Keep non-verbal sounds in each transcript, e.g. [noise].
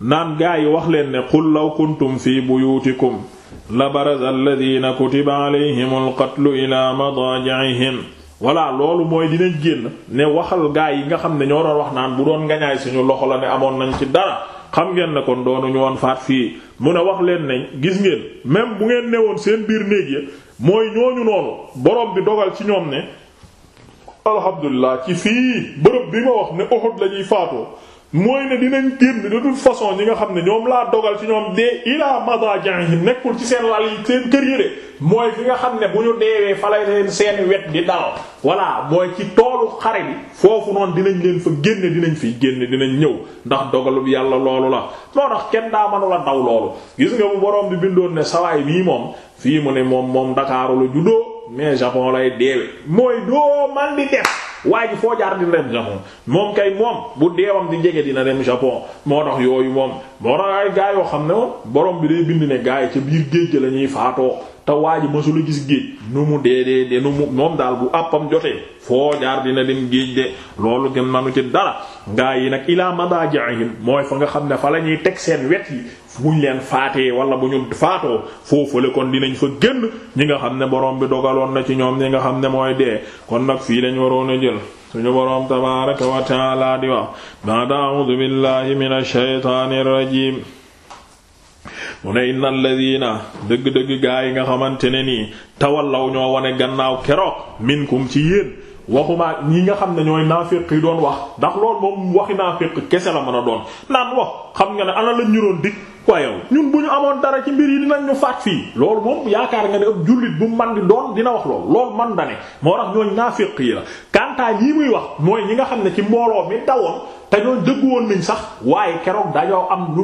naan gaa yi wax leen ne qul law kuntum fi buyutikum la baraza alladina kutiba alayhim alqatlu ila madajihim voilà loolu mooy dinañ génn ne waxal gaa yi nga xam ne ñoo doon wax naan bu doon ngañaay suñu loxo la ne amoon nañ ci dara xam ngeen ne kon doonuñu woon faat fii mu ne wax leen ne gis ngeen même bu ngeen newoon seen biir néeg ya mooy ñooñu noonu borom bi dogal ci ñoom ne alhamdulilah ci fii bërëb bi ma wax ne Uhud lañuy faatoo mooy ne dinañ génn de toute façon ñi nga xam ne ñoom laa dogal ci ñoom dee ilaa madajihim nekkul ci seen lal yi seen kër yi mooy fi nga xam ne bu ñu deewee fa lay leen seen wet di dal voilà mooy ci toolu xare bi foofu noonu dinañ leen fa génne dinañ fiy génne dinañ ñëw ndax dogalul yàlla loolu la moo tax kenn daa mënula daw loolu gis nga bu borom bi bindoon ne sawaay bii moom fii mu ne moom moom Ndakaaru la juddoo mais Japon lay deewe mooy doo waa ji foo jaar dina dem Japon moom kay moom bu deewam di jege dina dem Japon moo tax yooyu moom moo tax ay gaa yoo xam ne moom borom bi day bind ne gaa yi ca biir géej la ñuy faatoo te waa ji mësula gis géej nu mu dee dee de nu mu moom daal bu àppam jotee foo jaar dina dem géej de loolu gën manu ci dara gaa yi nag ilaa madaajihim mooy fa nga xam ne fa la ñuy teg seen wet yi buñ leen faatee wala bu ñu faatoo foofu la kon dinañ fa génn ñi nga xam ne borom bi dogaloon na ci ñoom ñi nga xam ne mooy dee kon nag fii lañ waroon a jël suñu borom tabaaraka wa taala di wax ba'da a'uudu billahi minash shaytaanir rajiim mu ne inna alladina dëgg-dëgg gaa yi nga xamante ne nii tawallaw ñoo wane gannaaw keroog minkum ci yéen waxumaa ñi nga xam ne ñooy naafiq yi doon wax ndax lool moom waxi naafiq kese la mën a doon naan wax xam nga ne ana lañ ñu doon dig waa yow ñun bu ñu amoon dara ci mbir yi dinañ ñu faat fii loolu moom yaakaar nga ne ab jullit bu man di doon dina wax loolu lool man da ne moo tax ñooñ naafiq yi la kantaa yi muy wax mooy ñi nga xam ne ci mbooloo mi dawoon te ñooñ dëggu woon nañ sax waaye keroog dañoo am lu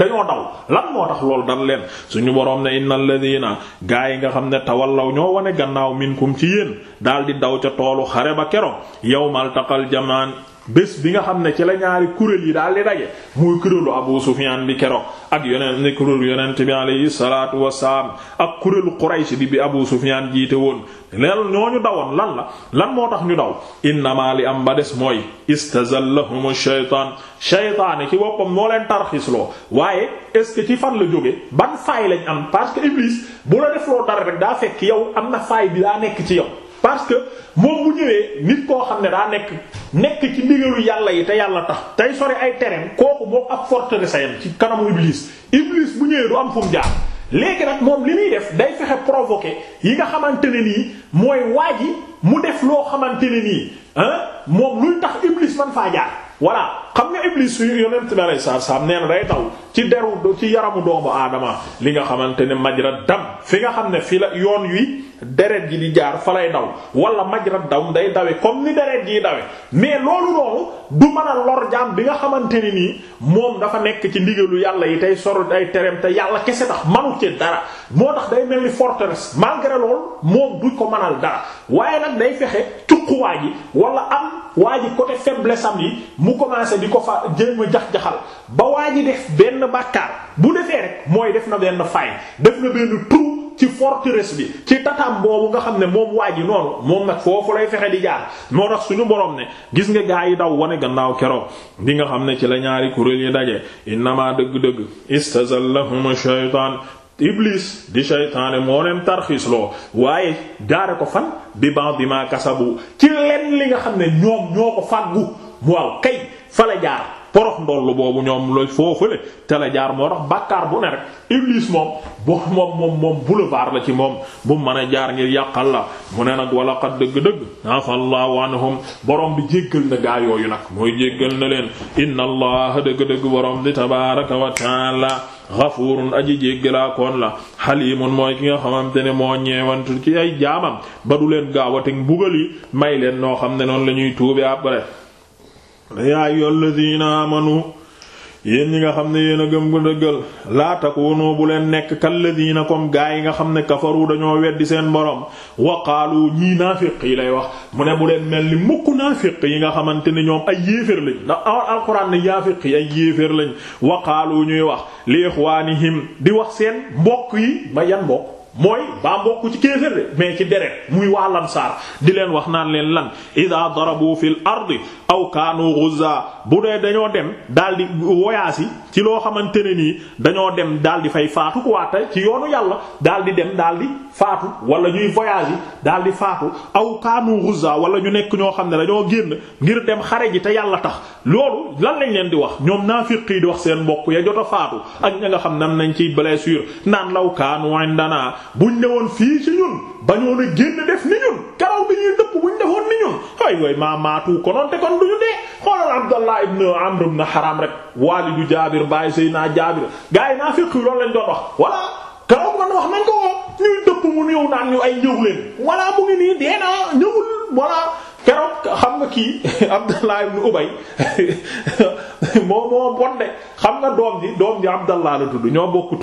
dañoo daw lan moo tax loolu dan leen suñu boroom ne innal ladina gaa yi nga xam ne tawal tawallaw ñoo wane gannaaw minkum ci yéen daal di daw ca toolu xare ba keroog yawmal taqal jamaan bés bi nga xam ne ci la ñaari kuréel yi daal di daje muy kuréelu Abu Sufyan bi keroog ak yoneen ne kuréelu yonent bi alayhi salaatu wassalaam ak kuréelu Quraysh bi bi Abu Sufyan jiite woon leel ñoo ñu dawoon lan la lan moo tax ñu daw innama li am ba des mooy istazallahum shaytaan shaytaane ci woppam moo leen loo waaye est-ce que ci fan la jóge ban faay lañ am parce que Iblis bu la defloo dara rek daa fekk yow am na faay bi daa nekk ci yow parce que moom mu ñëwee nit koo xam ne daa nekk nekk ci ndigalu yàlla yi te yàlla tax tey sore ay tereem kooku ak ab forteresse yam ci kanamu iblis iblis bu ñëwee du am fu mu jaar léegi nag moom li muy def day fexe provoquer yi nga xamante ne nii mooy waaj yi mu def loo xamante ne nii ah moom luy tax iblis man faa jaar voilà. xam nga iblis su yonent bi alay salaam nee na day taw ci deru ci yaramu doomu aadama li nga xamante ne majra dam fi nga xam ne fi la yoon yi deret ji di jaar fa lay daw wala majra daw day dawe comme ni deret ji dawe mais loolu loolu du mën a lor jaam bi nga xamante ne nii moom dafa nekk ci ndigalu yàlla yi tey sor day tereem te yàlla kese tax manu ci dara moo tax day mel ni forteresse malgré loolu moom du ko mënal dara waaye nag day fexe cuquwaa ji wala am waa ji yi mu commencé di ko fa jéem a jax-jaxal ba waa ji def benn bàkkaar bu defee rek mooy def na benn fay def na benn trou ci forteresse bi ci tatam boobu nga xam ne moom waa ji noonu moom nag foofu lay fexe di jaar moo tax suñu borom ne gis nga gaa yi daw wane gannaaw keroog di nga xam ne ci la ñaari kuréel yi daje innama dëgg-dëgg istazallahum shaytaan iblis di shaytaane moo leen tarxiis loo waaye jaare ko fan bi ba'd ma kasabu ci lenn li nga xam ne ñoom ñoo ko fàggu waaw kay fa la jaar porox ndollu boobu ñoom looy foofale te la jaar moo tax bàkkaar bu ne rek iblis moom bo moom moom moom boulevard la ci moom bu mën a jaar ngir yàqal la mu ne nag wala xat dëgg-dëgg afallahu anhum borom bi jéggal na gaa yooyu nag mooy jéggal na leen inna allah dëgg-dëgg borom di tabaraka wa taala ghafurun aji jéggalaakoon la halimun mooy ki nga xamante ne moo ñeewantu ci ay jaamam ba du leen gaaw a teg mbugal yi may leen noo xam ne noonu la ñuy tuube après yaa ayyuhal ladina amanu yéen ñi nga xam ne yéen a gëm ko dëggal laa takunu bu leen nekk kalladina comme gaa yi nga xam ne kafaru dañoo weddi seen borom waqaalu ñii naafiq yi lay wax mu ne bu leen mel ni mukk naafiq yi nga xamante ne ñoom ay yéeféer lañ ndax alquran ne yaafiq yi ay yéeféer lañ waqaalu ñuy wax li ixwaanihim di wax seen mbokk yi ba yan mbokk mooy baa mbokk ci kéefër de mais ci deret muy waa lamsaar di leen wax naan leen lan ida darabu fil ardi aw kaanu ghuzza bu dee dañoo dem daal di woyaasi ci loo xamante ne nii dañoo dem daal di fay faatu ku ci yoonu yàlla daal di dem daal di faatu wala ñuy voyage yi daal di faatu aw kaanu ghuzza wala ñu nekk ñoo xam ne dañoo génn ngir dem xare ji te yàlla tax loolu lan lañ leen di wax ñoom naafiq yi di wax seen mbokk ya jot faatu ak ña nga xam nan nañ ci blessure naan law kaanu indana buñ woon fii ci ñun bañoon a génn def ni ñun karaw bi ñuy dëpp buñ defoon ni ñun ay way maa konoon te kon duñu dee xoolal Abdallah ibn Amr ibn Haram rek waalidu Jaabir bàyyi Seydina Jaabir gaa yi naa fekk loolu lañ doon wax voilà karaw man mu ñëw naa ñëwul voilà keroog xam nga kii [laughs] Abdallah ibn Ubay [laughs] moo moo bon de xam nga doom ji doom ji Abdallah la tudd ñoo bokk [laughs]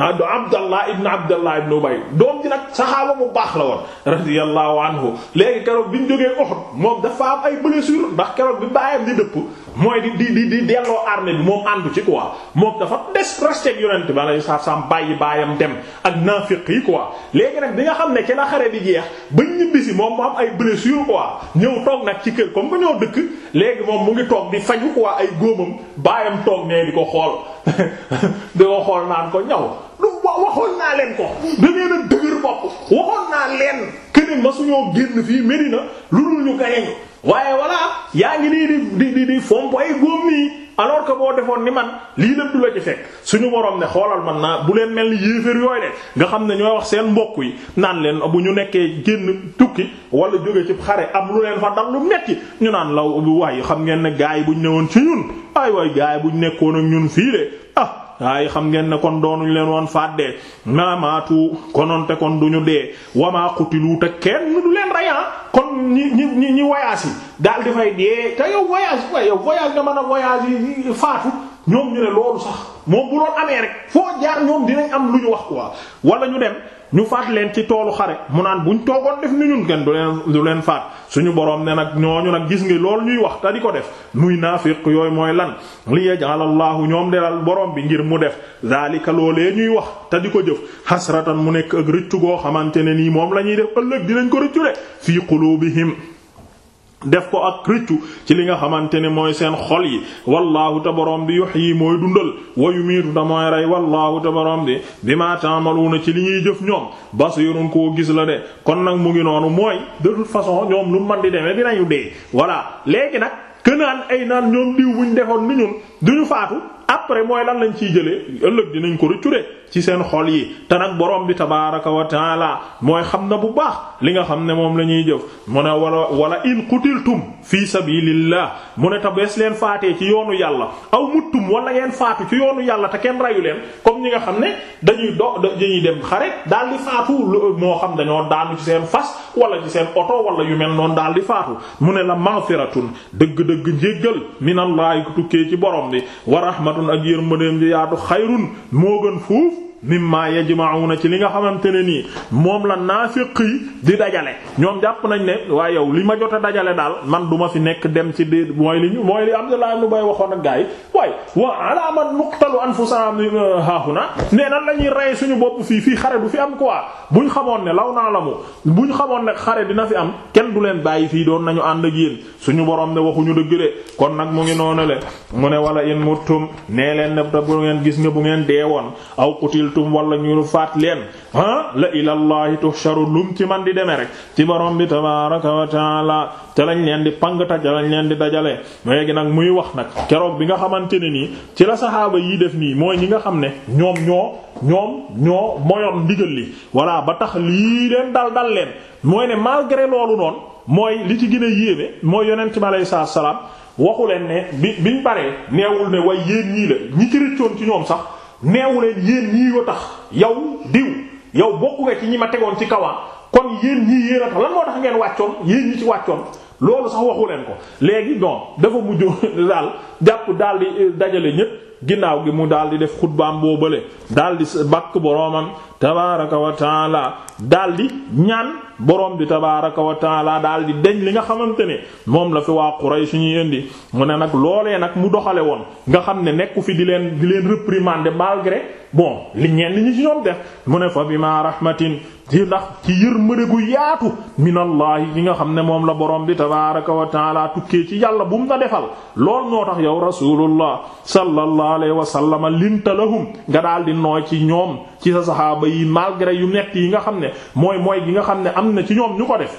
ah du Abdallah ibn Abdallah ibn Ubay doom ji nag saxaaba mu baax la woon radiyallahu anhu léegi keroog bi ñu jógee Uhud moom dafa am ay blessure ndax keroog bi baayam di dëpp mooy di di di di delloo armée bi moom àndu ci quoi moom dafa des resté ak yonent bi alayhi salaam bàyyi baayam dem ak naafiq yi quoi léegi rek bi nga xam ne ci la xare bi jeex ba ñibbisi moom mu am ay blessure quoi ñëw toog nag ci kër comme ba ñëw dëkk léegi moom mu ngi toog di faju quoi ay góomam baayam toog nee di ko xool [laughs] di ko xool naan ko ñaw. wa waxoon naa leen ko da ngeen a dëgër bopp waxoon naa leen keneen masuñoo génn fii Medina lu dul ñu gañeñ waaye voilà yaa ngi nii di di di fomp ay góom nii alors que boo defoon ni man lii lépp du ci fekk suñu borom ne xoolal man naa bu leen mel ni yéeféer yooyu de nga xam ne ñooy wax seen mbokk yi naan leen bu ñu nekkee génn tukki wala jóge ci xare am lu leen fa dal lu metti ñu naan law waaye xam ngeen ne gaay yi buñ newoon ci ñun ay waay gaay yi nekkoon ak ñun fii ay xam ngeen ne kon doonuñ leen woon fàddee maamaatu kononte kon du ñu dee wamaa qutilu te kenn du leen rey ah kon ñi ñi ñi ñi voyage yi daal di fay dee te yow voyage waaye yow voyage nga mën a voyage yi faatu ñoom ñu ne loolu sax moom bu loolu amee rek foo jaar ñoom dinañ am lu ñu wax quoi wala ñu dem ñu faat leen ci toolu xare mu naan buñ toogoon def ni ñun kenn du leen du faat suñu borom ne nag ñooñu nag gis ngi loolu ñuy wax te di ko def muy naafiq yooyu mooy lan li yaj'al Allahu ñoom delal borom bi ngir mu def zaalika loolee ñuy wax te di ko jëf hasratan mu nekk ak rëccu goo xamante ne nii moom la ñuy def ëllëg dinañ ko rëccu de fii quluubihim def ko ak rëccu ci li nga xamante ne mooy seen xol yi wallaahu te borom bi yuhyi mooy dundal wayu miitu te mooy rey wallaahu te borom bi ma bima ta'maluna ci li ñuy jëf ñoom basirun koo gis la de kon nag mu ngi noonu mooy de façon ñoom lu man di demee dinañu dee voilà léegi nag kënaan ay naan ñoom diw buñ defoon ni ñun duñu faatu après mooy lan lañ ciy jëlee ëllëg dinañ ko rëccu ci seen xol yi te nag borom bi tabaaraka wa taala mooy xam na bu baax li nga xam ne moom la ñuy jëf mu ne wala wala in qutiltum fii sabilillah mu ne te bees leen faatee ci yoonu yàlla aw muttum wala ngeen faatu ci yoonu yàlla te kenn rayu leen comme li nga xam ne dañuy do dañuy dem xare daal di faatu moo xam dañoo daanu ci seen fas wala ci seen oto wala yu mel noonu daal di faatu mu ne la maghfiratun dëgg-dëgg njéggal minallahi tukkee ci borom bi raxmatun ak yërmandeem ji yaatu xayrun moo gën fuuf mimma na ci li nga xamante ne nii moom la naafiq yi di dajale ñoom jàpp nañ ne waaye yow li ma jot a dajale daal man du ma fi nekk dem ci di mooy li ñu mooy li Abdullah ibn waxoon ak gars yi waaye wa ala man nuqtalu anfusana haahuna ne nan la ñuy rey suñu bopp fii fii xare du fi am quoi buñ xamoon ne law naa la mu buñ xamoon ne xare dina fi am kenn du leen bàyyi fii doon nañu ànd ak yéen suñu borom ne waxuñu dëgg de kon nag mu ngi noonu leen mu ne wala in muttum nee leen ne bu ngeen gis nga bu ngeen deewoon aw qutiltum wala ñu faat leen ah la ilallahi tuhsharu lum ci man di demee rek ci borom bi tabaraka wa taala lañ leen di pang ta lañ leen di dajale léegi nag muy wax nag keroog bi nga xamante ne nii ci la saxaaba yi def nii mooy ñi nga xam ne ñoom ñoo ñoom ñoo moyoon ndigal li walla ba tax lii leen dal dal leen mooy ne malgré loolu noonu mooy li ci gën a yéeme mooy yonent bi aleyhi salaatu wa waxu leen ne bi biñ paree neewul ne way yéen ñii la ñi ci rëccoon sax neewu leen yéen ñii yoo tax yow diw yow bokk nga ci ñi ma tegoon ci kawam kon yéen ñii yéen a tax lan moo tax ngeen wàccoon yéen ñi ci wàccoon loolu sax waxu leen ko léegi donc dafa mujj [laughs] daal jàpp daal di eh, dajale ñépp ginnaaw gi mu daal di def xutbaam boobale daal di bàkk boroomam tabaaraka wa taala daal di ñaan. borom bi tabaaraka wa taala daal di deñ li nga xamante ne moom la fi waa Quraysh ñuy indi mu ne nag loolee nag mu doxale woon nga xam ne nekku fi di leen di leen réprimander malgré bon li ñeen li ñu ci ñoom def mu ne fa bima rahmatin ci ndax ci yërmande gu yaatu minallahi yi nga xam ne moom la borom bi tabaaraka wa taala tukkee ci yàlla bu mu la defal lool ñoo tax yow rasulullah sallallahu alayhi wa sallam linta lahum nga daal di nooy ci ñoom ci sa saxaaba yi malgré yu nekk yi nga xam ne mooy mooy gi nga xam ne am na ci ñoom ñu ko def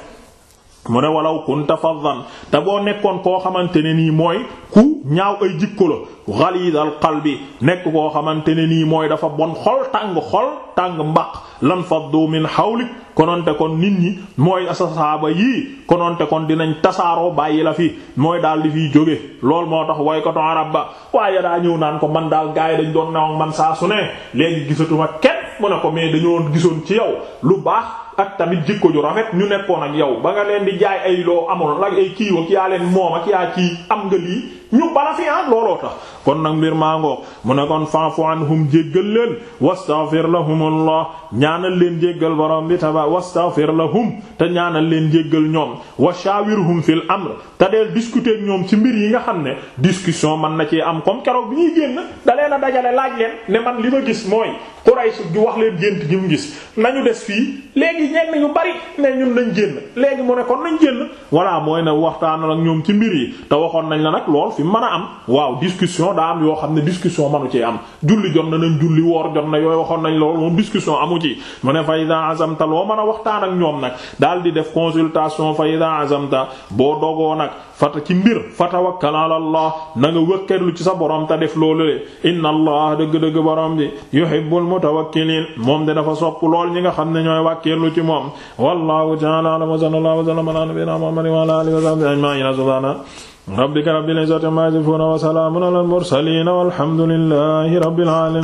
mu ne walaw kunta faddan te boo nekkoon koo xamante ne nii mooy ku ñaaw ay jikko la ghalidal qalbi nekk koo xamante ne nii mooy dafa bon xol tàng xol tàng mbaq lan faddu min hawlik kononte kon nit ñi mooy saaba yii kononte kon dinañ tasaaroo bàyyi la fi mooy daal di fiy jóge lool moo tax woykatu arab ba waaye daa ñëw naan ko man daal gaay dañ doon naw man saa su ne léegi gisatuma kenn mu ne ko mais dañoo gisoon ci yow lu baax ak tamit jikko ju rafet ñu nekkoon ak yow ba nga leen di jaay ay loo amul ak ay kii ak yaa leen moom ak yaa kii am nga lii ñu bala fi ah looloo tax kon nag mbir maa ngoog mu ne kon fa'fu anhum jéggal leen wastaghfir lahumullah ñaanal leen jéggal borom bi taba wastaghfir lahum te ñaanal leen jéggal ñoom wa shawirhum fil amr te deel discuter ak ñoom ci mbir yi nga xam ne discussion man na ci am comme keroog bi ñuy génn da leen a dajale laaj leen ne man li ma gis mooy Quraysh gi wax leen gént léegi ñenn ñu bari ne ñun nañ génn léegi mu ne kon nañ génn voilà mooy ne waxtaanal ak ñoom ci mbir yi te waxoon nañ la nag lool fi mën a am waaw discussion daa am yoo xam ne discussion manu ci am julli na nañ julli woor na yooyu waxoon nañ lool mu ne fayda azamta loo a waxtaan ak ñoom nag daal di def consultation fayda azamta boo dogoo nag fata ci mbir fatawakkal ala allah na nga ci sa borom te def loolu le inna allah dëgg-dëgg borom bi yuhibbul mutawakkilin moom de dafa sopp lool ñi nga xam ne ñooy wàkkeelu jublu ci moom wallahu ta'ala a'lam wa sallallahu wa sallama ala nabiyyina muhammadin wa ala alihi wa sahbihi ajma'in subhana rabbika rabbil izzati amma yasifun wa salamun alal mursalin walhamdulillahi rabbil alamin